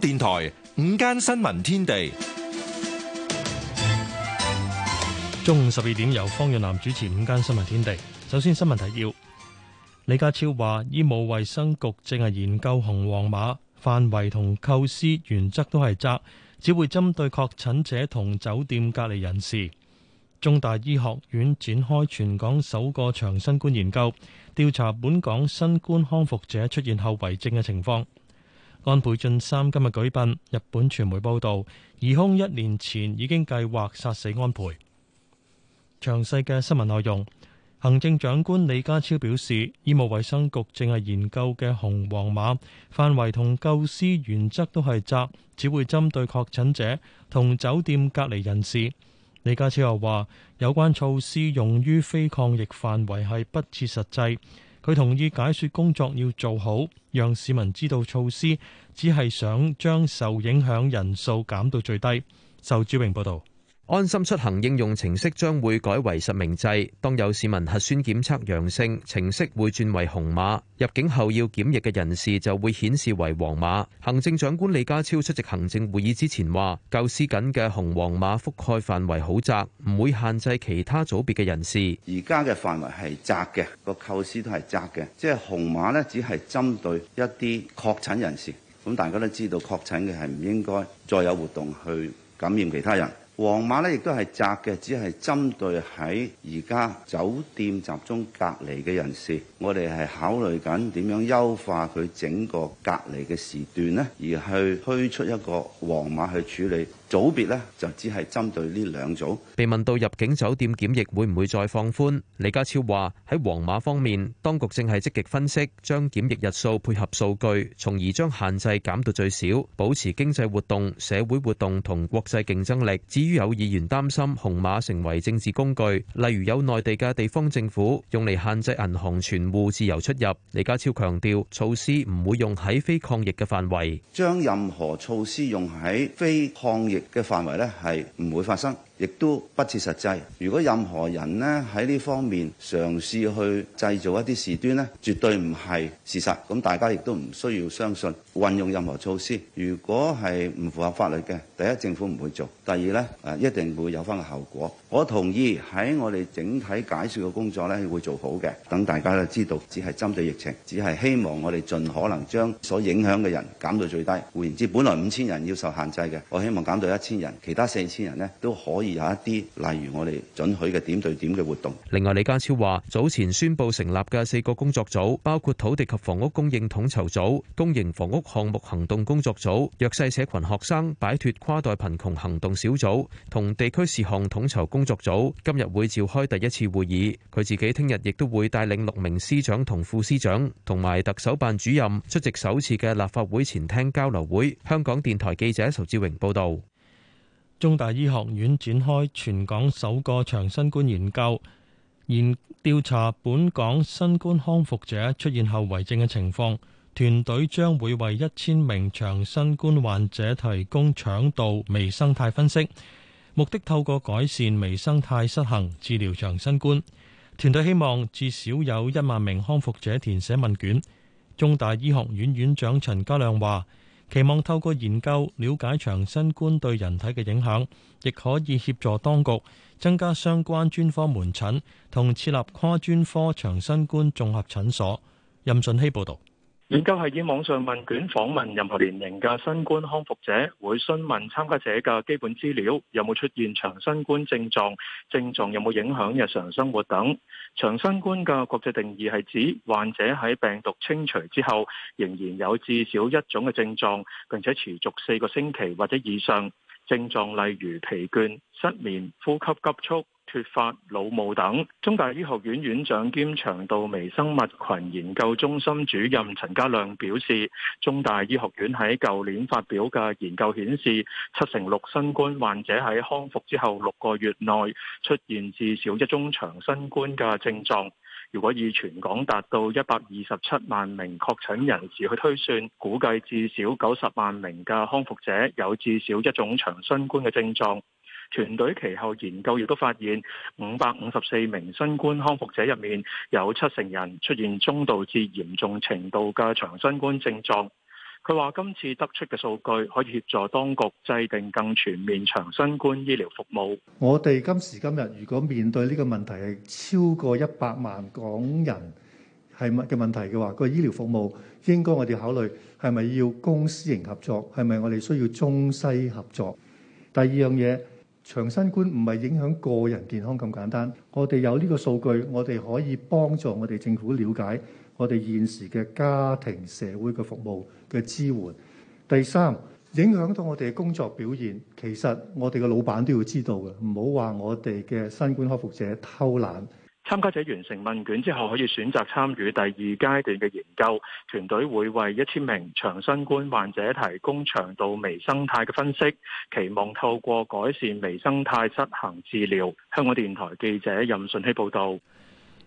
電台午間新聞天地，中午十二點由方潤南主持《午間新聞天地》。首先新聞提要：李家超話，醫務衛生局正係研究紅黃碼範圍同構思原則，都係窄，只會針對確診者同酒店隔離人士。中大醫學院展開全港首個長新冠研究，調查本港新冠康復者出現後遺症嘅情況。安倍晉三今日舉殯，日本傳媒報道，疑兇一年前已經計劃殺死安倍。詳細嘅新聞內容，行政長官李家超表示，醫務衛生局正係研究嘅紅黃碼範圍同構思原則都係窄，只會針對確診者同酒店隔離人士。李家超又話，有關措施用於非抗疫範圍係不切實際。佢同意解說工作要做好，讓市民知道措施只係想將受影響人數減到最低。仇志榮報道。安心出行應用程式將會改為實名制。當有市民核酸檢測陽性，程式會轉為紅碼。入境後要檢疫嘅人士就會顯示為黃碼。行政長官李家超出席行政會議之前話：構思緊嘅紅黃碼覆蓋範圍好窄，唔會限制其他組別嘅人士。而家嘅範圍係窄嘅，個構思都係窄嘅，即係紅碼咧，只係針對一啲確診人士。咁大家都知道，確診嘅係唔應該再有活動去感染其他人。黃碼咧，亦都係窄嘅，只係針對喺而家酒店集中隔離嘅人士，我哋係考慮緊點樣優化佢整個隔離嘅時段而去推出一個黃碼去處理。組別呢就只係針對呢兩組。被問到入境酒店檢疫會唔會再放寬，李家超話喺黃碼方面，當局正係積極分析，將檢疫日數配合數據，從而將限制減到最少，保持經濟活動、社會活動同國際競爭力。至於有議員擔心紅碼成為政治工具，例如有內地嘅地方政府用嚟限制銀行存戶自由出入，李家超強調措施唔會用喺非抗疫嘅範圍，將任何措施用喺非抗疫嘅範圍咧，係唔會發生。亦都不切實際。如果任何人呢喺呢方面嘗試去製造一啲事端咧，絕對唔係事實，咁大家亦都唔需要相信。運用任何措施，如果係唔符合法律嘅，第一政府唔會做，第二咧誒，一定會有翻個後果。我同意喺我哋整體解說嘅工作咧會做好嘅，等大家都知道，只係針對疫情，只係希望我哋盡可能將所影響嘅人減到最低。換言之，本來五千人要受限制嘅，我希望減到一千人，其他四千人咧都可以，有一啲，例如我哋准許嘅點對點嘅活動。另外，李家超話早前宣布成立嘅四個工作組，包括土地及房屋供應統籌組、公營房屋項目行動工作組、弱勢社群學生擺脫跨代貧窮行動小組同地區事項統籌工作組今日會召開第一次會議，佢自己聽日亦都會帶領六名司長同副司長同埋特首辦主任出席首次嘅立法會前廳交流會，香港電台記者仇志榮報道。中大醫學院展開全港首個長新冠研究，研調查本港新冠康復者出現後遺症嘅情況。團隊將會為一千名長新冠患者提供腸道微生態分析，目的透過改善微生態失衡治療長新冠。團隊希望至少有一萬名康復者填寫問卷。中大醫學院院長陳家亮話。期望透過研究了解長新冠對人體嘅影響，亦可以協助當局增加相關專科門診，同設立跨專科長新冠綜合診所。任信希報導。研究係以網上問卷訪問任何年齡嘅新冠康復者，會詢問參加者嘅基本資料，有冇出現長新冠症狀，症狀有冇影響日常生活等。長新冠嘅國際定義係指患者喺病毒清除之後，仍然有至少一種嘅症狀，並且持續四個星期或者以上。症狀例如疲倦、失眠、呼吸急促。缺乏腦霧等。中大醫學院院長兼腸道微生物群研究中心主任陳家亮表示，中大醫學院喺舊年發表嘅研究顯示，七成六新冠患者喺康復之後六個月內出現至少一種長新冠嘅症狀，如果以全港達到一百二十七萬名確診人士去推算，估計至少九十萬名嘅康復者有至少一種長新冠嘅症狀。團隊其後研究亦都發現，五百五十四名新冠康復者入面，有七成人出現中度至嚴重程度嘅長新冠症狀。佢話：今次得出嘅數據可以協助當局制定更全面長新冠醫療服務。我哋今時今日如果面對呢個問題係超過一百萬港人係問嘅問題嘅話，個醫療服務應該我哋考慮係咪要公私營合作？係咪我哋需要中西合作？第二樣嘢。長新冠唔係影響個人健康咁簡單，我哋有呢個數據，我哋可以幫助我哋政府了解我哋現時嘅家庭社會嘅服務嘅支援。第三，影響到我哋嘅工作表現，其實我哋嘅老闆都要知道嘅，唔好話我哋嘅新冠康復者偷懶。參加者完成問卷之後，可以選擇參與第二階段嘅研究。團隊會為一千名長新冠患者提供腸道微生態嘅分析，期望透過改善微生態執行治療。香港電台記者任順希報導。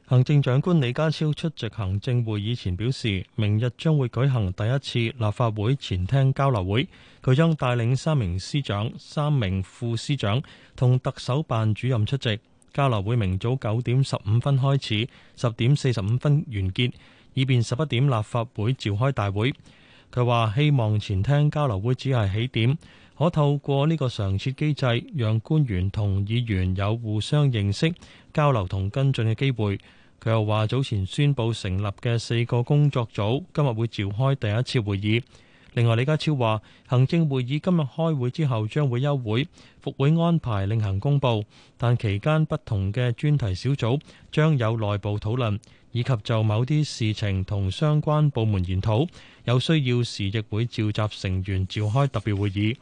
行政長官李家超出席行政會議前表示，明日將會舉行第一次立法會前廳交流會，佢將帶領三名司長、三名副司長同特首辦主任出席。交流會明早九點十五分開始，十點四十五分完結，以便十一點立法會召開大會。佢話希望前廳交流會只係起點，可透過呢個常設機制，讓官員同議員有互相認識、交流同跟進嘅機會。佢又話早前宣布成立嘅四個工作組，今日會召開第一次會議。另外，李家超話，行政會議今日開會之後將會休會，復會安排另行公佈。但期間不同嘅專題小組將有內部討論，以及就某啲事情同相關部門研討。有需要時，亦會召集成員召開特別會議。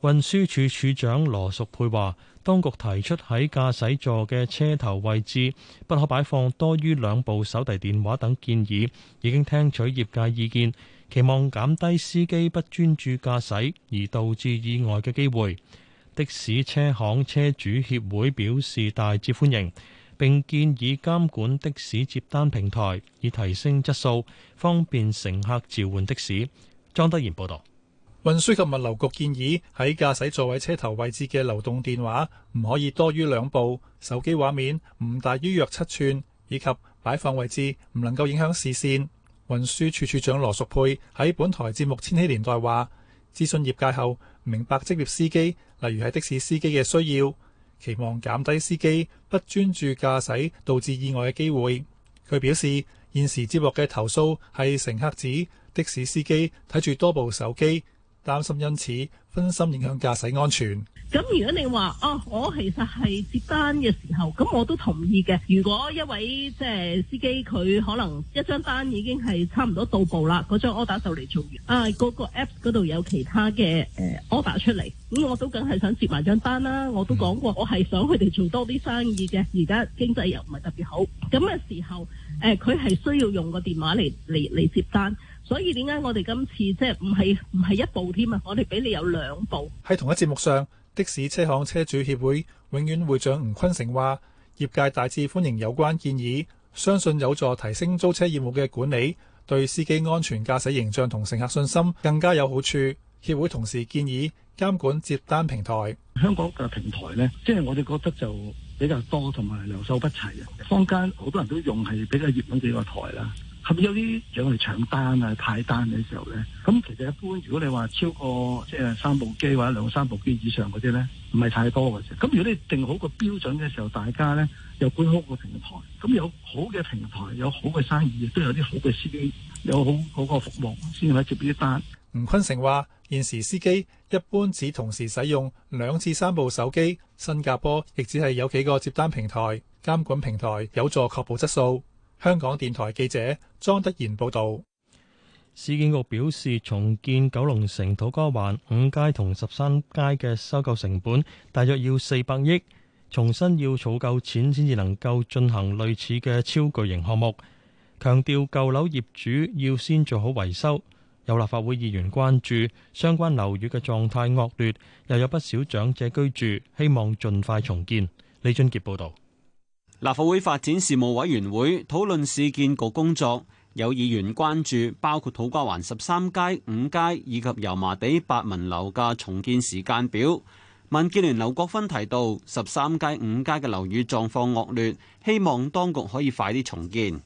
運輸署署長羅淑佩話，當局提出喺駕駛座嘅車頭位置不可擺放多於兩部手提電話等建議，已經聽取業界意見。期望減低司機不專注駕駛而導致意外嘅機會，的士車行車主協會表示大致歡迎，並建議監管的士接單平台，以提升質素，方便乘客召喚的士。莊德賢報導。運輸及物流局建議喺駕駛座位車頭位置嘅流動電話唔可以多於兩部，手機畫面唔大於約七吋，以及擺放位置唔能夠影響視線。運輸處處長羅淑佩喺本台節目《千禧年代》話：諮詢業界後，明白職業司機，例如係的士司機嘅需要，期望減低司機不專注駕駛導致意外嘅機會。佢表示，現時接獲嘅投訴係乘客指的士司機睇住多部手機。擔心因此分心影響駕駛安全。咁如果你話哦、啊，我其實係接單嘅時候，咁我都同意嘅。如果一位即係、呃、司機佢可能一張單已經係差唔多到步啦，嗰張 order 就嚟做完。啊，嗰個 app 嗰度有其他嘅，誒、呃、order 出嚟，咁我都梗係想接埋張單啦。我都講過，嗯、我係想佢哋做多啲生意嘅。而家經濟又唔係特別好，咁嘅時候，誒、呃，佢係需要用個電話嚟嚟嚟接單。所以點解我哋今次即係唔係唔係一部添啊？我哋俾你有兩部。喺同一節目上，的士車行車主協會永遠會長吳坤成話，業界大致歡迎有關建議，相信有助提升租車業務嘅管理，對司機安全駕駛形象同乘客信心更加有好處。協會同時建議監管接單平台。香港嘅平台呢，即係我哋覺得就比較多同埋良莠不齊啊。坊間好多人都用係比較熱門幾個台啦。係咪有啲想嚟搶單啊，派單嘅時候呢，咁其實一般，如果你話超過即係三部機或者兩三部機以上嗰啲呢，唔係太多嘅啫。咁如果你定好個標準嘅時候，大家呢又搬好個平台，咁有好嘅平台，有好嘅生意，都有啲好嘅司機，有好好個服務先可以接呢啲單。吳坤成話：現時司機一般只同時使用兩至三部手機，新加坡亦只係有幾個接單平台，監管平台有助確保質素。香港電台記者莊德賢報道，市建局表示，重建九龍城土瓜灣五街同十三街嘅收購成本大約要四百億，重新要儲夠錢先至能夠進行類似嘅超巨型項目。強調舊樓業主要先做好維修。有立法會議員關注相關樓宇嘅狀態惡劣，又有不少長者居住，希望盡快重建。李俊傑報道。立法會發展事務委員會討論市建局工作，有議員關注包括土瓜灣十三街五街以及油麻地八文樓嘅重建時間表。民建聯劉國勳提到，十三街五街嘅樓宇狀況惡劣，希望當局可以快啲重建。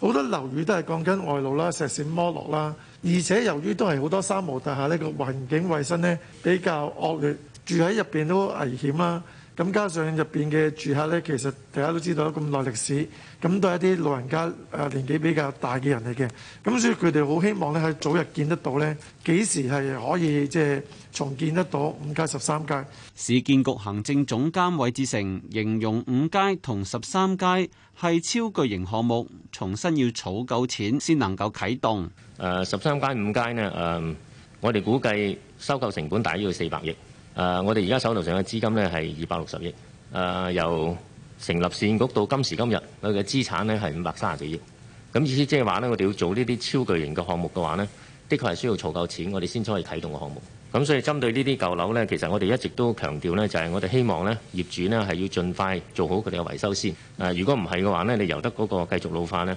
好多樓宇都係鋼筋外露啦、石屎剝落啦，而且由於都係好多三無大廈，呢個環境衛生呢比較惡劣，住喺入邊都危險啦。咁加上入邊嘅住客咧，其實大家都知道咁耐歷史，咁都係一啲老人家誒年紀比較大嘅人嚟嘅，咁所以佢哋好希望咧係早日見得到咧，幾時係可以即係重建得到五街十三街？市建局行政總監韋志成形容五街同十三街係超巨型項目，重新要儲夠錢先能夠啟動。誒十三街五街呢，誒、呃，我哋估計收購成本大約要四百億。誒、呃，我哋而家手頭上嘅資金呢係二百六十億。誒、呃，由成立線局到今時今日，佢嘅資產呢係五百三十幾億。咁、呃、意思即係話呢，我哋要做呢啲超巨型嘅項目嘅話呢，的確係需要儲夠錢，我哋先可以啟動個項目。咁、呃、所以針對呢啲舊樓呢，其實我哋一直都強調呢，就係、是、我哋希望呢，業主呢係要盡快做好佢哋嘅維修先。誒、呃，如果唔係嘅話呢，你由得嗰個繼續老化呢，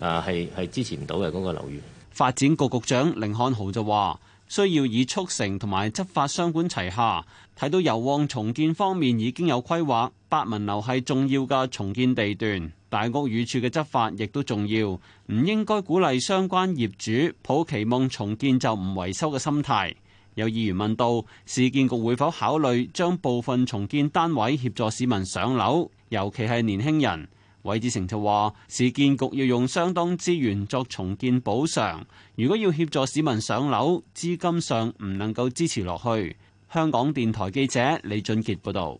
誒係係支持唔到嘅嗰個樓宇。發展局局長凌漢豪就話。需要以促成同埋執法相管齊下，睇到油旺重建方面已經有規劃，八文樓係重要嘅重建地段，大屋宇處嘅執法亦都重要，唔應該鼓勵相關業主抱期望重建就唔維修嘅心態，有議員問到市建局會否考慮將部分重建單位協助市民上樓，尤其係年輕人？韋志成就話：市建局要用相當資源作重建補償，如果要協助市民上樓，資金上唔能夠支持落去。香港電台記者李俊杰報道。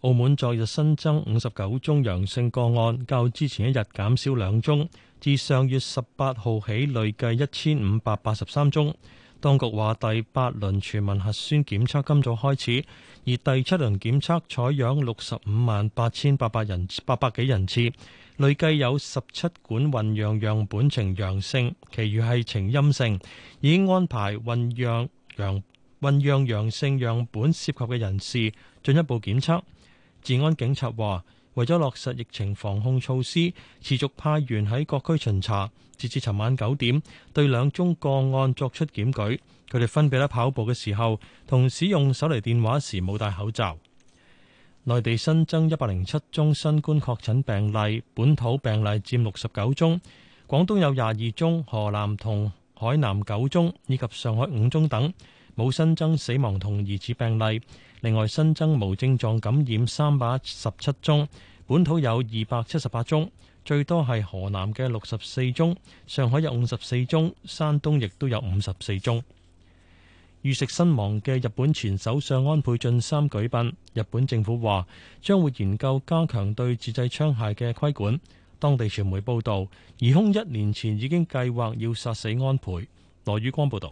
澳門昨日新增五十九宗陽性個案，較之前一日減少兩宗，自上月十八號起累計一千五百八十三宗。當局話，第八輪全民核酸檢測今早開始，而第七輪檢測採樣六十五萬八千八百人、八百幾人次，累計有十七管混樣樣本呈陽性，其餘係呈陰性，已經安排混，混樣陽混樣陽性樣本涉及嘅人士進一步檢測。治安警察話，為咗落實疫情防控措施，持續派員喺各區巡查，截至尋晚九點，對兩宗個案作出檢舉。佢哋分別喺跑步嘅時候同使用手提電話時冇戴口罩。內地新增一百零七宗新冠確診病例，本土病例佔六十九宗，廣東有廿二宗，河南同海南九宗，以及上海五宗等，冇新增死亡同疑似病例。另外新增無症狀感染三百一十七宗，本土有二百七十八宗，最多係河南嘅六十四宗，上海有五十四宗，山東亦都有五十四宗。遇刺身亡嘅日本前首相安倍晉三舉殯，日本政府話將會研究加強對自製槍械嘅規管。當地傳媒報導，疑兇一年前已經計劃要殺死安倍。羅宇光報道。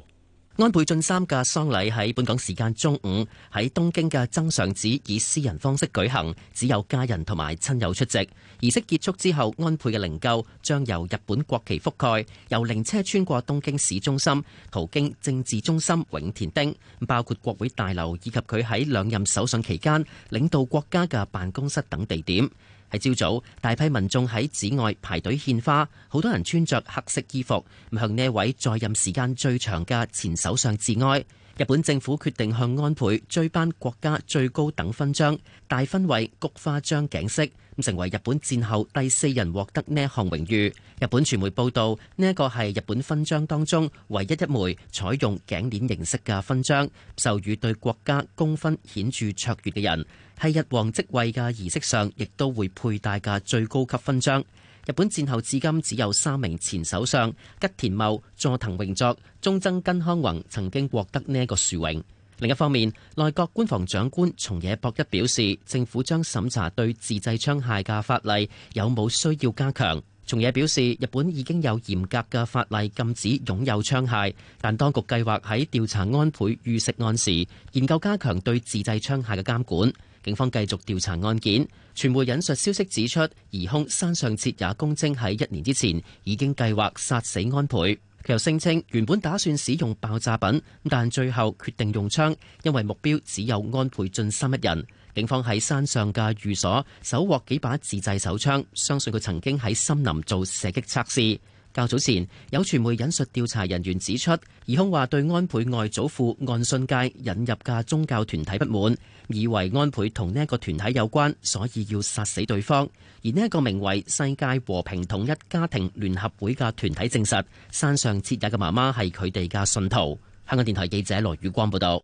安倍晉三嘅喪禮喺本港時間中午，喺東京嘅增上寺以私人方式舉行，只有家人同埋親友出席。儀式結束之後，安倍嘅靈柩將由日本國旗覆蓋，由靈車穿過東京市中心，途經政治中心永田町，包括國會大樓以及佢喺兩任首相期間領導國家嘅辦公室等地點。喺朝早，大批民眾喺寺外排隊獻花，好多人穿着黑色衣服，向呢一位在任時間最長嘅前首相致哀。日本政府決定向安倍追頒國家最高等勛章，大勛位菊花章頸飾，咁成為日本戰後第四人獲得呢一項榮譽。日本傳媒報道，呢一個係日本勛章當中唯一一枚採用頸鏈形式嘅勳章，授予對國家功勳顯著卓越嘅人。係日皇即位嘅儀式上，亦都會佩戴嘅最高級勳章。日本戰後至今只有三名前首相吉田茂、佐藤榮作、中曾根康弘曾經獲得呢一個殊榮。另一方面，內閣官房長官松野博一表示，政府將審查對自製槍械嘅法例有冇需要加強。松野表示，日本已經有嚴格嘅法例禁止擁有槍械，但當局計劃喺調查安倍遇刺案時，研究加強對自製槍械嘅監管。警方繼續調查案件。傳媒引述消息指出，疑兇山上徹也供稱喺一年之前已經計劃殺死安倍。佢又聲稱原本打算使用爆炸品，但最後決定用槍，因為目標只有安倍晉三一人。警方喺山上嘅寓所搜獲幾把自製手槍，相信佢曾經喺森林做射擊測試。較早前有傳媒引述調查人員指出，疑兇話對安倍外祖父岸信介引入嘅宗教團體不滿，以為安倍同呢一個團體有關，所以要殺死對方。而呢一個名為世界和平統一家庭聯合會嘅團體證實，山上徹也嘅媽媽係佢哋嘅信徒。香港電台記者羅宇光報道。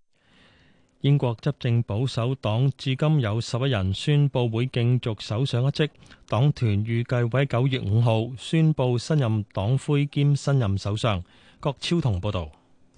英國執政保守黨至今有十一人宣布會競逐首相一職，黨團預計會喺九月五號宣布新任黨魁兼新任首相。郭超同報道。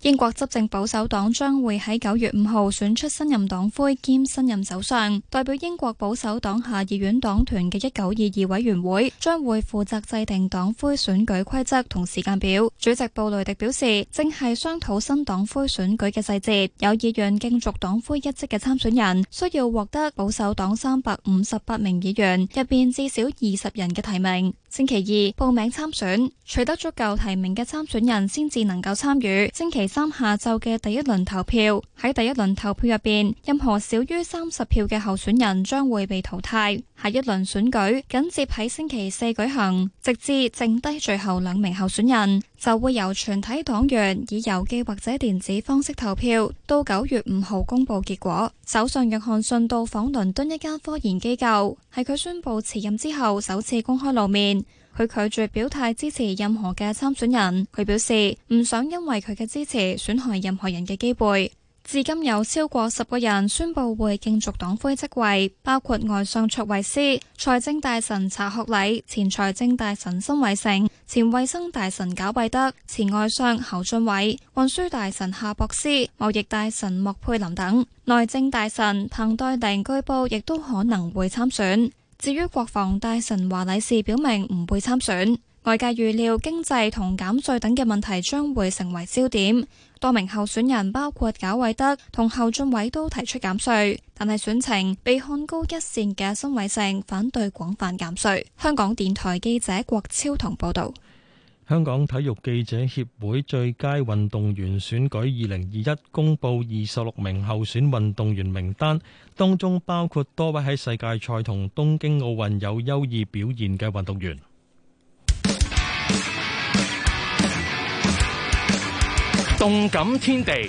英國執政保守黨將會喺九月五號選出新任黨魁兼新任首相。代表英國保守黨下議院黨團嘅一九二二委員會將會負責制定黨魁選舉規則同時間表。主席布雷迪表示，正係商討新黨魁選舉嘅細節。有議員競逐黨魁一職嘅參選人需要獲得保守黨三百五十八名議員入邊至少二十人嘅提名。星期二報名參選，取得足夠提名嘅參選人先至能夠參與。星期。三下晝嘅第一輪投票。喺第一輪投票入邊，任何少於三十票嘅候選人將會被淘汰。下一輪選舉緊接喺星期四舉行，直至剩低最後兩名候選人，就會由全體黨員以郵寄或者電子方式投票，到九月五號公布結果。首相約翰遜到訪倫敦一間科研機構，係佢宣布辭任之後首次公開露面。佢拒絕表態支持任何嘅參選人，佢表示唔想因為佢嘅支持損害任何人嘅機會。至今有超過十個人宣佈會競逐黨魁職位，包括外相卓慧思、財政大臣查克禮、前財政大臣辛偉成、前衛生大臣賈惠德、前外相侯俊偉、運輸大臣夏博斯、貿易大臣莫佩林等。內政大臣彭黛玲據報亦都可能會參選。至於國防大臣華禮士表明唔會參選，外界預料經濟同減稅等嘅問題將會成為焦點。多名候選人包括賈偉德同侯俊偉都提出減稅，但係選情被看高一線嘅辛偉誠反對廣泛減稅。香港電台記者郭超同報導。香港體育記者協會最佳運動員選舉二零二一公布二十六名候選運動員名單，當中包括多位喺世界賽同東京奧運有優異表現嘅運動員。動感天地。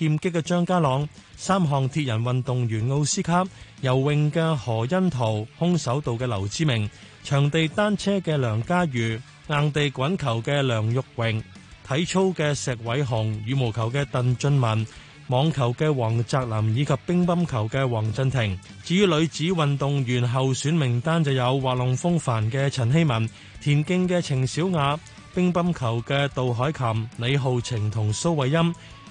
劍擊嘅張家朗，三項鐵人運動員奧斯卡，游泳嘅何恩桃，空手道嘅劉之明，場地單車嘅梁嘉儒，硬地滾球嘅梁育榮，體操嘅石偉雄，羽毛球嘅鄧俊文，網球嘅黃澤林以及乒乓球嘅黃鎮廷。至於女子運動員候選名單就有滑浪風帆嘅陳晞文，田徑嘅程小雅，乒乓球嘅杜凱琹、李皓晴同蘇慧音。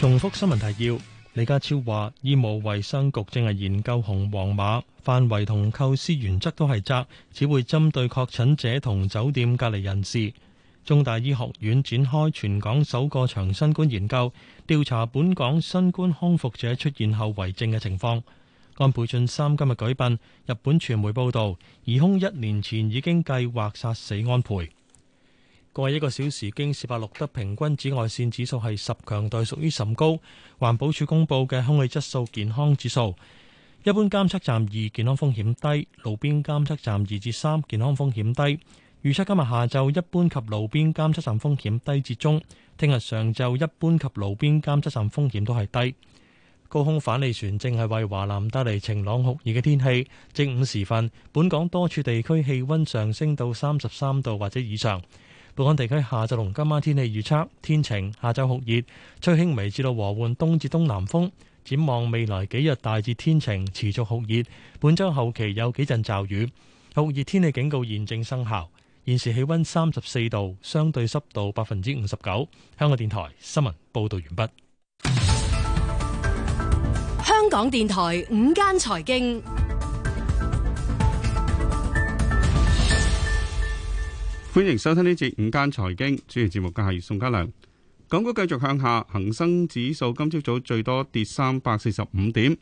重複新聞提要。李家超話，醫務衛生局正係研究紅黃碼範圍同構思原則都係窄，只會針對確診者同酒店隔離人士。中大醫學院展開全港首個長新冠研究，調查本港新冠康復者出現後遺症嘅情況。安倍晉三今日舉辦。日本傳媒報道，疑兇一年前已經計劃殺死安倍。過去一個小時經，京士柏錄得平均紫外線指數係十，強度屬於甚高。環保署公布嘅空氣質素健康指數，一般監測站二，健康風險低；路邊監測站二至三，健康風險低。預測今日下晝一般及路邊監測站風險低至中，聽日上晝一般及路邊監測站風險都係低。高空反氣旋正係為華南帶嚟晴朗酷熱嘅天氣。正午時分，本港多處地區氣温上升到三十三度或者以上。本港地區下晝同今晚天氣預測：天晴，下晝酷熱，吹輕微至到和緩東至東南風。展望未來幾日，大致天晴，持續酷熱。本周後期有幾陣驟雨，酷熱天氣警告現正生效。現時氣溫三十四度，相對濕度百分之五十九。香港電台新聞報道完畢。香港電台午間財經。歡迎收聽呢節午間財經，主持節目嘅係宋家良。港股繼續向下，恒生指數今朝早最多跌三百四十五點，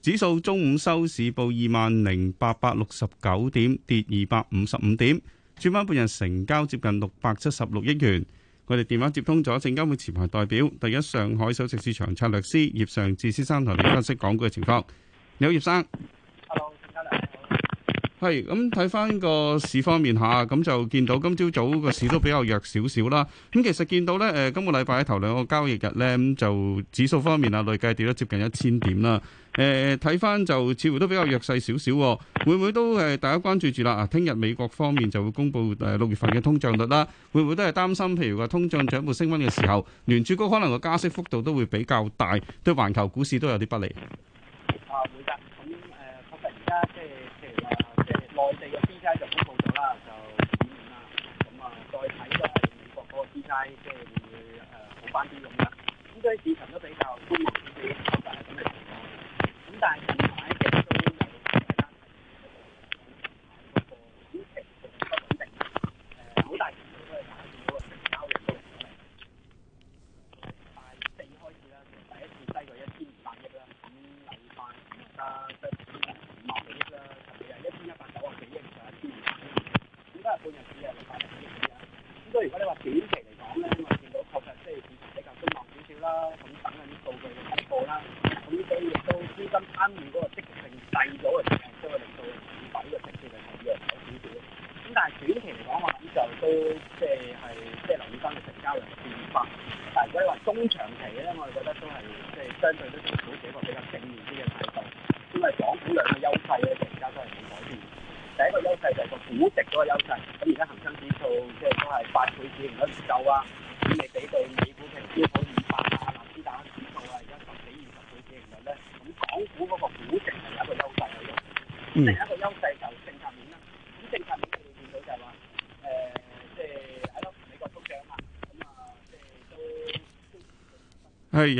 指數中午收市報二萬零八百六十九點，跌二百五十五點。轉翻半日，成交接近六百七十六億元。我哋電話接通咗證監會前排代表、第一上海首席市場策略師葉尚志先生嚟分析港股嘅情況。你好，葉生。Hello，宋家良。係咁睇翻個市方面吓，咁就見到今朝早個市都比較弱少少啦。咁其實見到咧，誒、呃，今個禮拜頭兩個交易日咧，咁、嗯、就指數方面啊，累計跌咗接近一千點啦。誒、呃，睇翻就似乎都比較弱勢少少。會唔會都誒，大家關注住啦？啊，聽日美國方面就會公佈誒六月份嘅通脹率啦。會唔會都係擔心？譬如話通脹進一步升溫嘅時候，聯儲局可能個加息幅度都會比較大，對環球股市都有啲不利。啊，會噶。咁誒，確實而家即係。內地嘅 B I 就公布咗啦，就咁樣啦，咁啊再睇咧美國嗰個 B I，即係會誒好翻啲咁樣。咁所以市場都比較充滿自己真實嘅咁嘅情況，咁但係近排。即係半日只有六百零幾點啦，咁所以如果你話短期嚟講咧，我見到確實即係比較觀望少少啦，咁等下啲數據嘅公佈啦，咁所以亦都資金參與嗰個積極性細咗啊。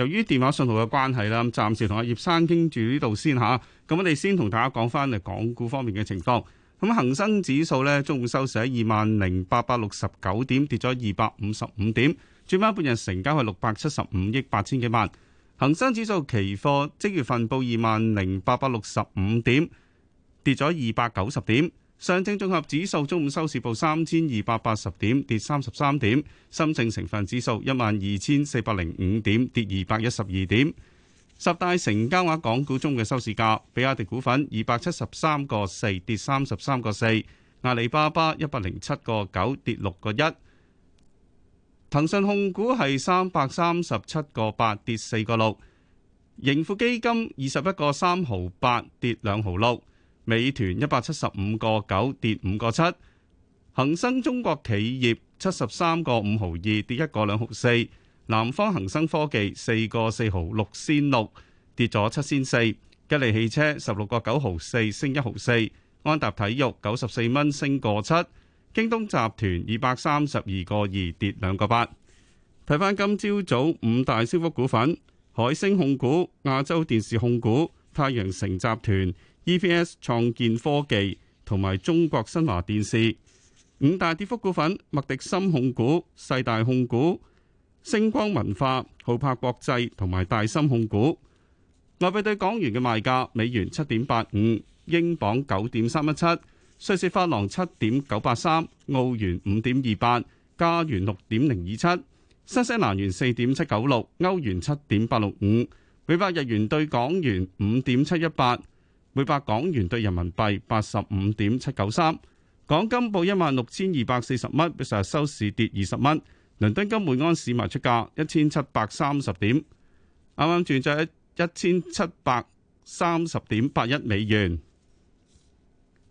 於電話信號嘅關係啦，咁暫時同阿葉生傾住呢度先嚇。咁我哋先同大家講翻誒港股方面嘅情況。咁恒生指數中午收市喺二萬零八百六十九點，跌咗二百五十五點。轉翻半日成交係六百七十五億八千幾萬。恒生指數期貨即月份報二萬零八百六十五點，跌咗二百九十點。上證綜合指數中午收市報三千二百八十點，跌三十三點；深證成分指數一萬二千四百零五點，跌二百一十二點。十大成交額港股中嘅收市價，比亞迪股份二百七十三個四跌三十三個四；阿里巴巴一百零七個九跌六個一；騰訊控股係三百三十七個八跌四個六；盈富基金二十一個三毫八跌兩毫六。美團一百七十五個九跌五個七，恒生中國企業七十三個五毫二跌一個兩毫四，南方恒生科技四個四毫六先六跌咗七先四，吉利汽車十六個九毫四升一毫四，安踏體育九十四蚊升個七，京東集團二百三十二個二跌兩個八。睇翻今朝早，早五大升幅股份：海星控股、亞洲電視控股、太陽城集團。E.P.S. 創建科技同埋中國新華電視五大跌幅股份，麥迪森控股、世大控股、星光文化、浩拍國際同埋大森控股。外幣對港元嘅賣價：美元七點八五，英鎊九點三一七，瑞士法郎七點九八三，澳元五點二八，加元六點零二七，新西蘭元四點七九六，歐元七點八六五，每百日元對港元五點七一八。每百港元兌人民幣八十五點七九三，港金報一萬六千二百四十蚊，比上日收市跌二十蚊。倫敦金每安市賣出價一千七百三十點，啱啱轉咗一千七百三十點八一美元。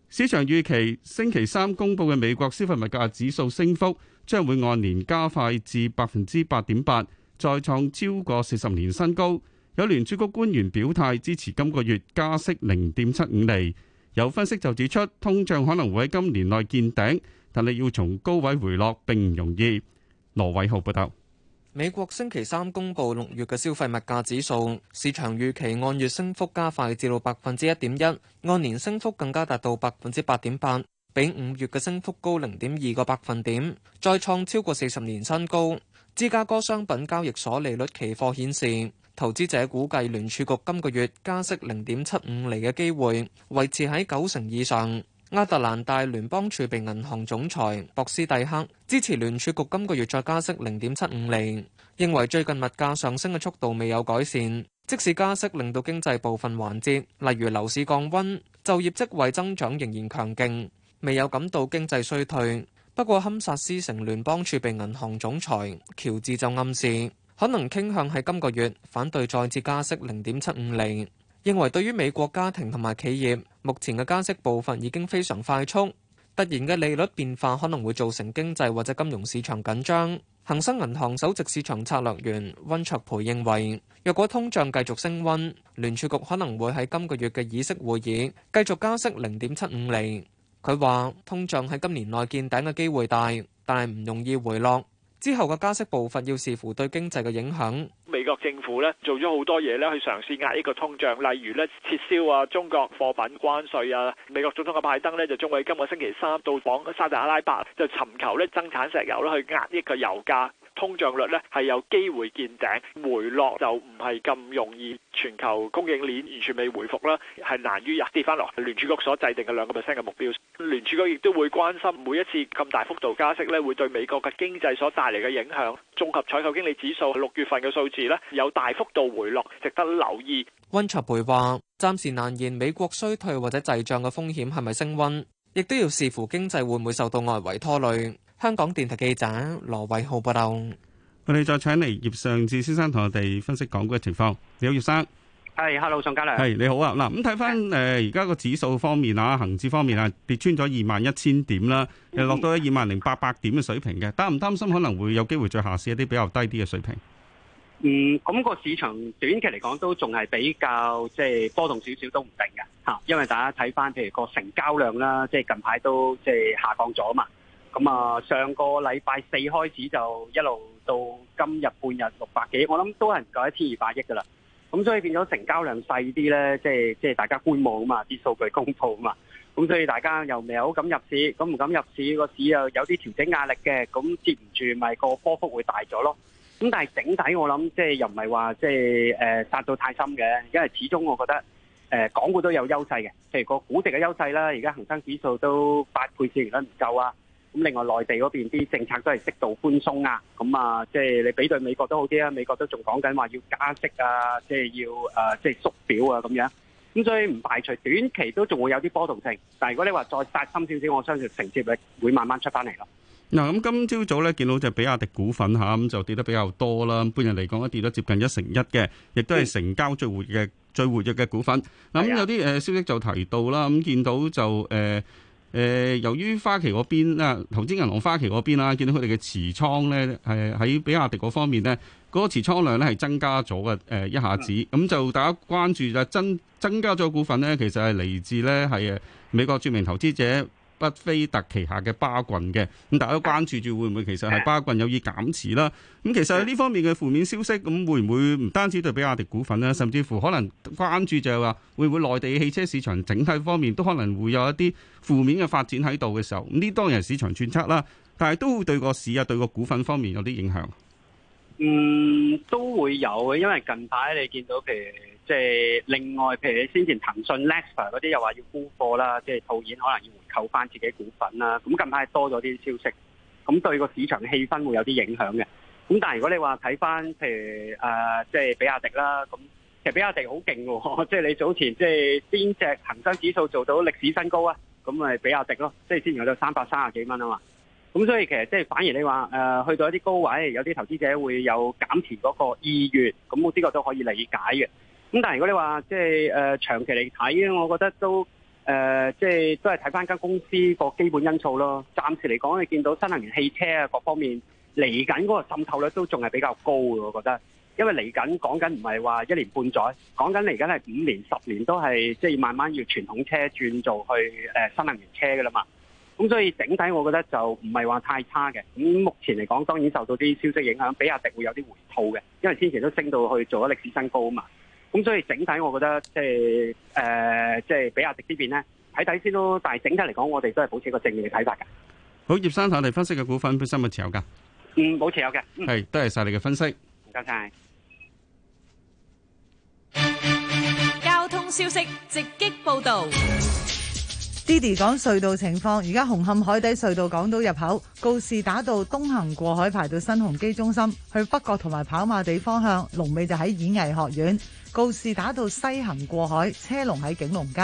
市場預期星期三公布嘅美國消費物價指數升幅將會按年加快至百分之八點八，再創超過四十年新高。有聯儲局官員表態支持今個月加息零點七五厘。有分析就指出，通脹可能會喺今年內見頂，但係要從高位回落並唔容易。羅偉浩報道，美國星期三公佈六月嘅消費物價指數，市場預期按月升幅加快至到百分之一點一，按年升幅更加達到百分之八點八，比五月嘅升幅高零點二個百分點，再創超過四十年新高。芝加哥商品交易所利率期貨顯示，投資者估計聯儲局今個月加息零點七五厘嘅機會維持喺九成以上。亞特蘭大聯邦儲備銀行總裁博斯蒂克支持聯儲局今個月再加息零點七五厘，認為最近物價上升嘅速度未有改善，即使加息令到經濟部分環節例如樓市降温、就業職位增長仍然強勁，未有感到經濟衰退。不過，堪薩斯城聯邦儲備銀行總裁喬治就暗示。可能傾向喺今個月反對再次加息零點七五厘，認為對於美國家庭同埋企業，目前嘅加息步伐已經非常快速，突然嘅利率變化可能會造成經濟或者金融市場緊張。恒生銀行首席市場策略員温卓培認為，若果通脹繼續升温，聯儲局可能會喺今個月嘅議息會議繼續加息零點七五厘。佢話通脹喺今年內見頂嘅機會大，但係唔容易回落。之後嘅加息步伐要視乎對經濟嘅影響。美國政府咧做咗好多嘢，咧去嘗試壓抑個通脹，例如咧撤銷啊中國貨品關稅啊。美國總統嘅拜登咧就將會今個星期三到訪沙特阿拉伯，就尋求咧增產石油啦，去壓抑個油價。通脹率咧係有機會見頂回落就唔係咁容易，全球供應鏈完全未恢復啦，係難於入跌翻落聯儲局所制定嘅兩個 percent 嘅目標。聯儲局亦都會關心每一次咁大幅度加息呢會對美國嘅經濟所帶嚟嘅影響，綜合採購經理指數六月份嘅數字呢有大幅度回落，值得留意。溫卓培話：暫時難言美國衰退或者滯脹嘅風險係咪升溫，亦都要視乎經濟會唔會受到外圍拖累。香港電台記者羅偉浩報道，我哋再請嚟葉尚志先生同我哋分析港股嘅情況。你好，葉生，係、hey, Hello，宋家良，係、hey, 你好啊。嗱，咁睇翻誒，而家個指數方面啊，恆指方面啊，跌穿咗二萬一千點啦，誒，又落到咗二萬零八百點嘅水平嘅，擔唔擔心可能會有機會再下試一啲比較低啲嘅水平？嗯，咁個市場短期嚟講都仲係比較即係波動少少都唔定嘅吓，因為大家睇翻，譬如個成交量啦，即係近排都即係下降咗啊嘛。咁啊，上個禮拜四開始就一路到今日半日六百幾，我諗都係唔夠一千二百億噶啦。咁所以變咗成交量細啲咧，即係即係大家觀望啊嘛，啲數據公布啊嘛。咁所以大家又未好咁入市，咁唔敢入市，個市又有啲調整壓力嘅，咁接唔住咪個波幅會大咗咯。咁但係整體我諗，即係又唔係話即係誒殺到太深嘅，因為始終我覺得誒港股都有優勢嘅，譬如個估值嘅優勢啦，而家恒生指數都八倍市盈率唔夠啊。咁另外內地嗰邊啲政策都係適度寬鬆啊，咁啊，即係你比對美國都好啲啊，美國都仲講緊話要加息啊，即係要誒、呃，即係縮表啊咁樣。咁、啊、所以唔排除短期都仲會有啲波動性，但係如果你話再殺深少少，我相信承接力會慢慢出翻嚟咯。嗱、嗯，咁今朝早咧見到隻比亞迪股份嚇，咁就跌得比較多啦。本人嚟講，一跌得接近一成一嘅，亦都係成交最活嘅最活躍嘅股份。咁、嗯、有啲誒消息就提到啦，咁見到就誒。呃誒，由於花旗嗰邊啦，投資銀行花旗嗰邊啦，見到佢哋嘅持倉咧，係喺比亞迪嗰方面咧，嗰個持倉量咧係增加咗嘅。誒，一下子咁就大家關注就增增加咗股份咧，其實係嚟自咧係美國著名投資者。不菲特旗下嘅巴郡嘅，咁大家關注住會唔會其實係巴郡有意減持啦？咁其實呢方面嘅負面消息，咁會唔會唔單止對比亞迪股份咧，甚至乎可能關注就係話會唔會內地汽車市場整體方面都可能會有一啲負面嘅發展喺度嘅時候，呢當然係市場揣測啦，但係都會對個市啊，對個股份方面有啲影響。嗯，都會有嘅，因為近排你見到譬如即係、就是、另外譬如你先前騰訊、Lexus 嗰啲又話要沽貨啦，即、就、係、是、套現可能要回購翻自己股份啦。咁近排多咗啲消息，咁對個市場氣氛會有啲影響嘅。咁但係如果你話睇翻譬如啊，即、呃、係、就是、比亞迪啦，咁其實比亞迪好勁嘅，即 係你早前即係邊隻恆生指數做到歷史新高啊？咁咪比亞迪咯，即係之前有到三百三十幾蚊啊嘛。咁所以其實即係反而你話誒、呃、去到一啲高位，有啲投資者會有減持嗰個意願，咁我呢個都可以理解嘅。咁但係如果你話即係誒長期嚟睇咧，我覺得都誒即係都係睇翻間公司個基本因素咯。暫時嚟講，你見到新能源汽車啊各方面嚟緊嗰個滲透率都仲係比較高嘅，我覺得。因為嚟緊講緊唔係話一年半載，講緊嚟緊係五年十年都係即係慢慢要傳統車轉做去誒、呃、新能源車嘅啦嘛。咁所以整體我覺得就唔係話太差嘅。咁目前嚟講，當然受到啲消息影響，比亞迪會有啲回吐嘅，因為先前都升到去做咗歷史新高啊嘛。咁所以整體我覺得即係誒，即係比亞迪呢邊咧睇睇先咯。但係整體嚟講，我哋都係保持一個正面嘅睇法嘅。好，葉生，我哋分析嘅股份本身有冇持有噶？嗯，冇持有嘅。係，多謝晒你嘅分析。唔該晒。交通消息直擊報道。Diddy 講隧道情況，而家紅磡海底隧道港島入口告士打道東行過海排到新鴻基中心，去北角同埋跑馬地方向龍尾就喺演藝學院；告士打道西行過海車龍喺景隆街，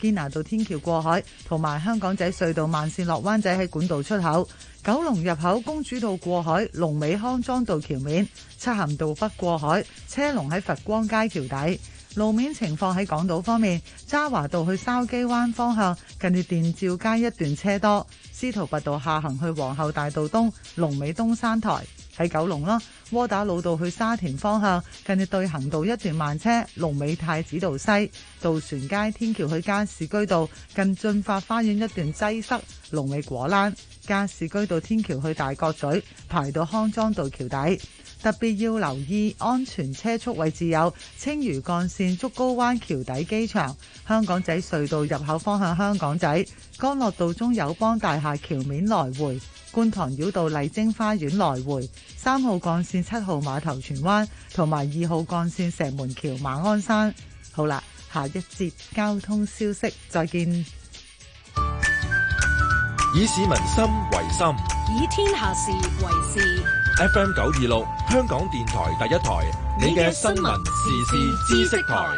堅拿道天橋過海同埋香港仔隧道慢線落灣仔喺管道出口，九龍入口公主道過海龍尾康莊道橋面，漆咸道北過海車龍喺佛光街橋底。路面情況喺港島方面，渣華道去筲箕灣方向近住電照街一段車多；司徒拔道下行去皇后大道東龍尾東山台喺九龍啦，窩打老道去沙田方向近住對行道一段慢車；龍尾太子道西渡船街天橋去加士居道近進發花園一段擠塞；龍尾果欄加士居道天橋去大角咀排到康莊道橋底。特別要留意安全車速位置有青嶼幹線竹篙灣橋底機場、香港仔隧道入口方向香港仔、干諾道中友邦大廈橋面來回、觀塘繞道麗晶花園來回、三號幹線七號碼頭荃灣同埋二號干線石門橋馬鞍山。好啦，下一節交通消息，再見。以市民心為心，以天下事為事。F M 九二六。香港電台第一台，你嘅新聞時事知識台。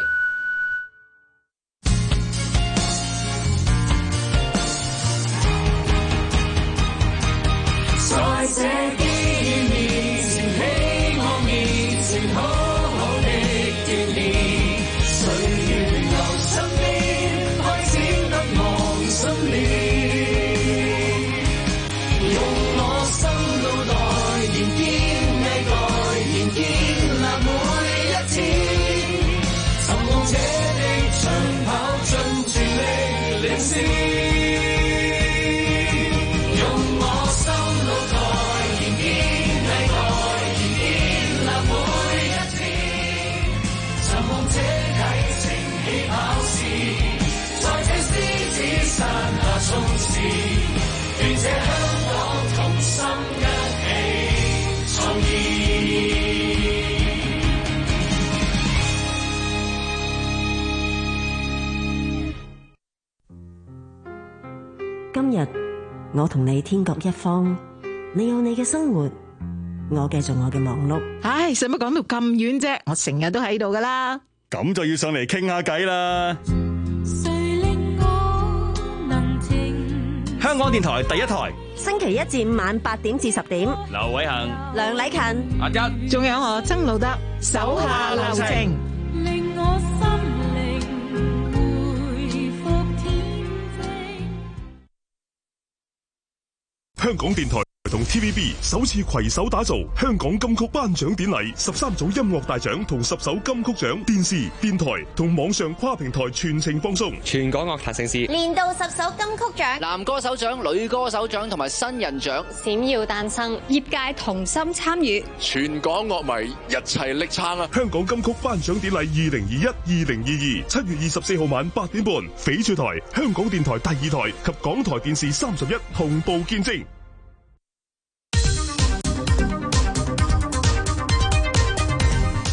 我同你天各一方，你有你嘅生活，我繼續我嘅忙碌。唉，使乜講到咁遠啫？我成日都喺度噶啦。咁就要上嚟傾下偈啦。香港電台第一台，星期一至五晚八點至十點。劉偉恆、梁禮勤、阿吉，仲有我曾路德，手下留情。香港電台。TVB 首次攜手打造香港金曲頒獎典禮，十三組音樂大獎同十首金曲獎，電視、電台同網上跨平台全程放送，全港樂壇盛事，年度十首金曲獎、男歌手獎、女歌手獎同埋新人獎閃耀誕生，業界同心參與，全港樂迷一齊力撐啊！香港金曲頒獎典禮二零二一、二零二二七月二十四號晚八點半，翡翠台、香港電台第二台及港台電視三十一同步見證。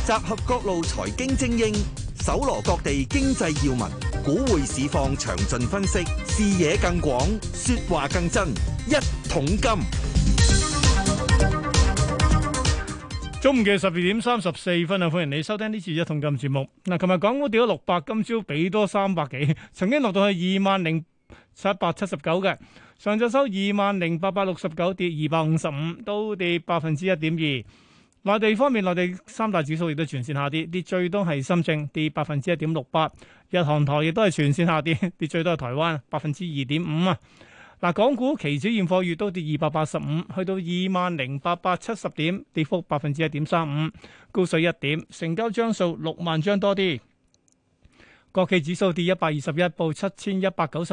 集合各路財經精英，搜羅各地經濟要聞，股匯市況詳盡分析，視野更廣，說話更真。一桶金，中午嘅十二點三十四分啊！歡迎你收聽呢次一桶金節目。嗱，琴日港股跌咗六百，今朝畀多三百幾，曾經落到去二萬零七百七十九嘅，上晝收二萬零八百六十九，跌二百五十五，都跌百分之一點二。內地方面，內地三大指數亦都全線下跌，跌最多係深證跌百分之一點六八，日韓台亦都係全線下跌，跌最多係台灣百分之二點五啊！嗱，港股期指現貨月都跌二百八十五，去到二萬零八百七十點，跌幅百分之一點三五，高水一點，成交張數六萬張多啲。國企指數跌一百二十一，報七千一百九十。